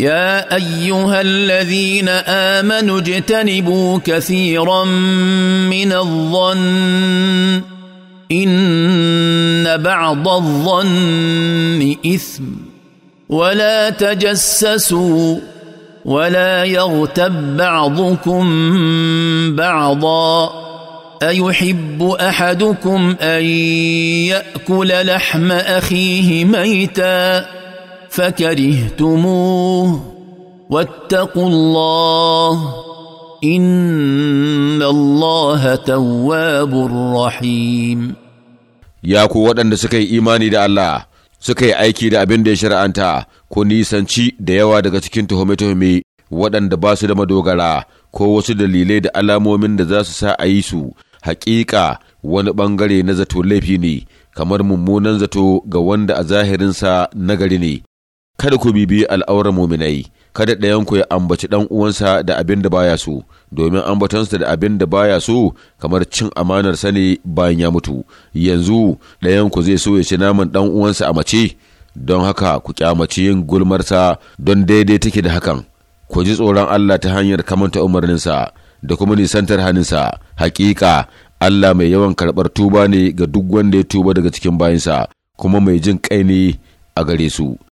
يا ايها الذين امنوا اجتنبوا كثيرا من الظن ان بعض الظن اثم ولا تجسسوا ولا يغتب بعضكم بعضا ايحب احدكم ان ياكل لحم اخيه ميتا فكرهتموه واتقوا الله ان الله تواب رحيم ya ku waɗanda suka yi imani da Allah suka yi aiki da abin da ya shari'anta ko nisanci da yawa daga cikin tuhume-tuhume waɗanda ba su da madogara ko wasu dalilai da alamomin da za su sa a yi su haƙiƙa wani ɓangare na zato laifi ne kamar mummunan zato ga wanda a zahirinsa nagari ne kada ku bibi al'aurar muminai kada ɗayan ku ya ambaci ɗan uwansa da abin da baya so domin ambatonsa da abin da baya so kamar cin amanar sani bayan ya mutu yanzu ɗayan ku zai so ya ci naman ɗan uwansa a mace don haka ku kyamaci yin gulmarsa don daidai take da hakan ku ji tsoron Allah ta hanyar kamanta umarninsa da kuma nisantar hannunsa hakika Allah mai yawan karɓar tuba ne ga duk wanda ya tuba daga cikin bayinsa kuma mai jin kai ne a gare su